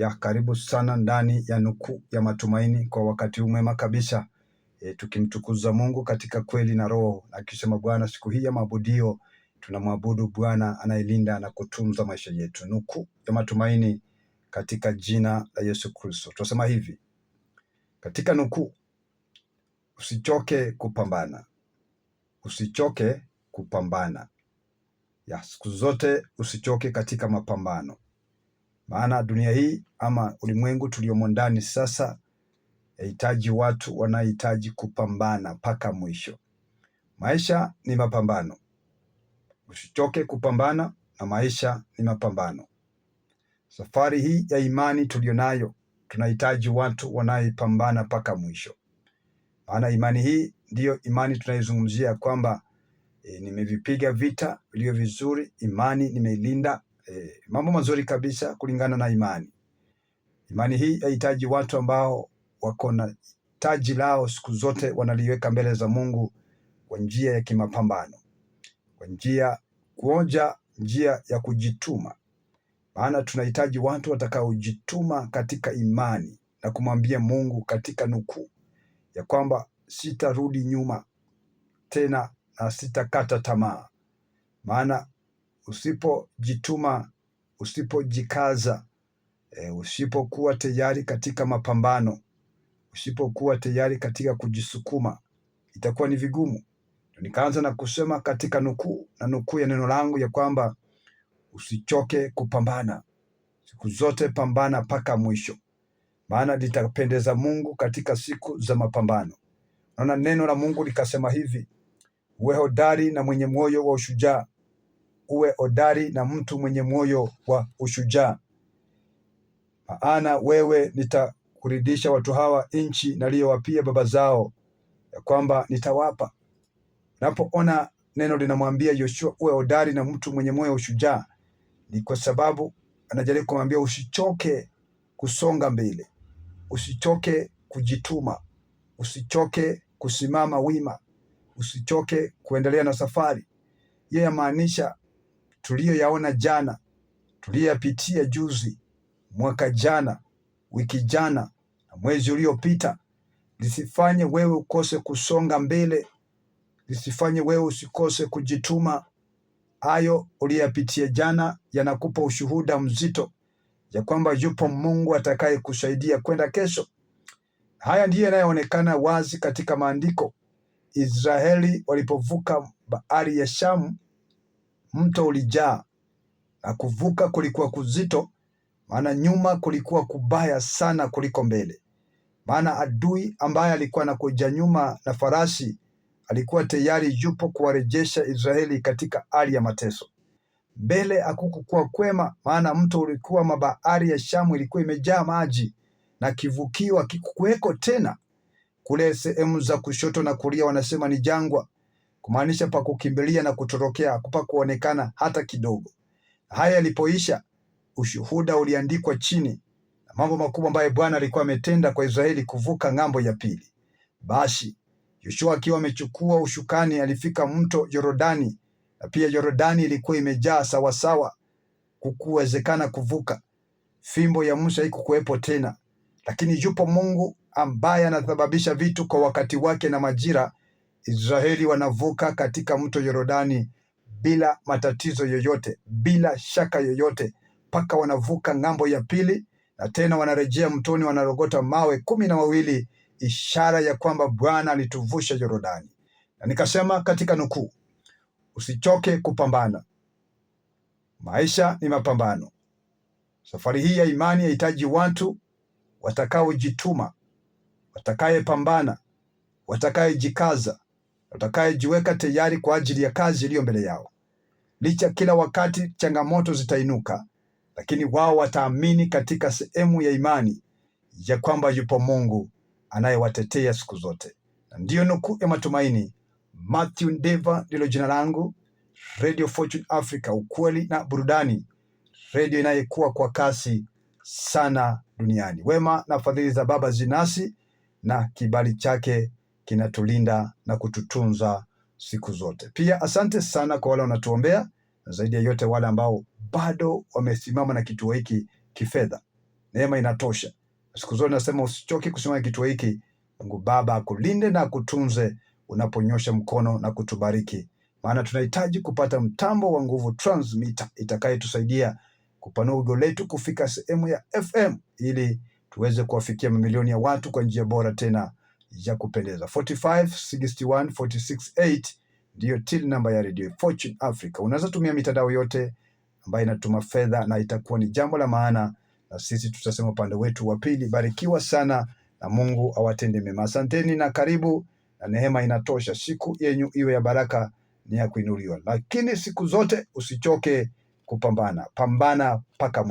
ya karibu sana ndani ya nukuu ya matumaini kwa wakati umema kabisa e, tukimtukuza Mungu katika kweli na roho, akisema Bwana, siku hii ya maabudio tunamwabudu Bwana anayelinda na kutunza maisha yetu. Nukuu ya matumaini katika jina la Yesu Kristo, tunasema hivi katika nukuu: usichoke kupambana, usichoke kupambana ya siku zote, usichoke katika mapambano, maana dunia hii ama ulimwengu tuliomo ndani sasa yahitaji watu wanaohitaji kupambana mpaka mwisho. Maisha ni mapambano, usichoke kupambana, na maisha ni mapambano. Safari hii ya imani tulionayo tunahitaji watu wanaoipambana mpaka mwisho, maana imani hii ndiyo imani tunaizungumzia kwamba e, nimevipiga vita vilivyo vizuri, imani nimeilinda. E, mambo mazuri kabisa kulingana na imani. Imani hii inahitaji watu ambao wako na taji lao siku zote wanaliweka mbele za Mungu kwa njia ya kimapambano, kwa njia kuonja njia ya kujituma, maana tunahitaji watu watakaojituma katika imani na kumwambia Mungu katika nukuu ya kwamba sitarudi nyuma tena na sitakata tamaa. Maana usipojituma, usipojikaza, E, usipokuwa tayari katika mapambano, usipokuwa tayari katika kujisukuma, itakuwa ni vigumu. Nikaanza na kusema katika nukuu na nukuu ya neno langu ya kwamba usichoke kupambana, siku zote pambana mpaka mwisho, maana litapendeza Mungu katika siku za mapambano. Naona neno la Mungu likasema hivi, uwe hodari na mwenye moyo wa ushujaa, uwe hodari na mtu mwenye moyo wa ushujaa maana wewe nitakuridhisha watu hawa nchi naliyowapia baba zao, ya kwamba nitawapa. Napoona neno linamwambia Yoshua uwe hodari na mtu mwenye moyo ushujaa, ni kwa sababu anajaribu kumwambia usichoke kusonga mbele, usichoke kujituma, usichoke kusimama wima, usichoke kuendelea na safari. Yeye yamaanisha tuliyoyaona jana, tuliyoyapitia juzi mwaka jana, wiki jana na mwezi uliopita, lisifanye wewe ukose kusonga mbele, lisifanye wewe usikose kujituma. Hayo uliyapitia jana yanakupa ushuhuda mzito ya kwamba yupo Mungu atakayekusaidia kwenda kesho. Haya ndiyo yanayoonekana wazi katika maandiko. Israeli walipovuka bahari ya Shamu, mto ulijaa na kuvuka kulikuwa kuzito, maana nyuma kulikuwa kubaya sana kuliko mbele. Maana adui ambaye alikuwa anakuja nyuma na farasi alikuwa tayari yupo kuwarejesha Israeli katika hali ya mateso. Mbele hakukukuwa kwema, maana mto ulikuwa mabahari ya Shamu ilikuwa imejaa maji na kivukio hakikuweko tena. Kule sehemu za kushoto na kulia wanasema ni jangwa, kumaanisha pa kukimbilia na kutorokea, kupa kuonekana hata kidogo. Haya yalipoisha, ushuhuda uliandikwa chini na mambo makubwa ambayo Bwana alikuwa ametenda kwa Israeli kuvuka ng'ambo ya pili. Basi Yoshua akiwa amechukua ushukani, alifika mto Yorodani, na pia Yorodani ilikuwa imejaa sawasawa, kukuwezekana kuvuka. Fimbo ya Musa haikukuwepo tena, lakini yupo Mungu ambaye anasababisha vitu kwa wakati wake na majira. Israeli wanavuka katika mto Yorodani bila matatizo yoyote, bila shaka yoyote, mpaka wanavuka ng'ambo ya pili, na tena wanarejea mtoni, wanarogota mawe kumi na wawili, ishara ya kwamba Bwana alituvusha Yordani. Na nikasema katika nukuu, usichoke kupambana. Maisha ni mapambano. Safari hii ya imani yahitaji watu watakaojituma, watakayepambana, watakayejikaza, watakayejiweka tayari kwa ajili ya kazi iliyo mbele yao. Licha kila wakati changamoto zitainuka, lakini wao wataamini katika sehemu ya imani ya kwamba yupo Mungu anayewatetea siku zote. Na ndiyo nukuu ya matumaini. Mathew Ndeva ndilo jina langu, Radio Fortune Africa, ukweli na burudani, redio inayekuwa kwa kasi sana duniani. Wema na fadhili za Baba zinasi na kibali chake kinatulinda na kututunza siku zote. Pia asante sana kwa wale wanatuombea na zaidi ya yote wale ambao bado wamesimama na kituo hiki kifedha. Neema inatosha. Siku zote nasema usichoke kusimama kituo hiki. Mungu Baba akulinde na akutunze unaponyosha mkono na kutubariki, maana tunahitaji kupata mtambo wa nguvu transmitter itakayetusaidia kupanua wigo letu kufika sehemu ya FM ili tuweze kuwafikia mamilioni ya watu kwa njia bora tena ya kupendeza. 45 61 46 8 ndiyo till namba ya redio Fortune Africa. Unaweza tumia mitandao yote ambayo inatuma fedha na itakuwa ni jambo la maana, na sisi tutasema upande wetu wa pili. Barikiwa sana na Mungu awatende mema. Asanteni na karibu, na neema inatosha. Siku yenyu iwe ya baraka, ni ya kuinuliwa, lakini siku zote usichoke kupambana. Pambana mpaka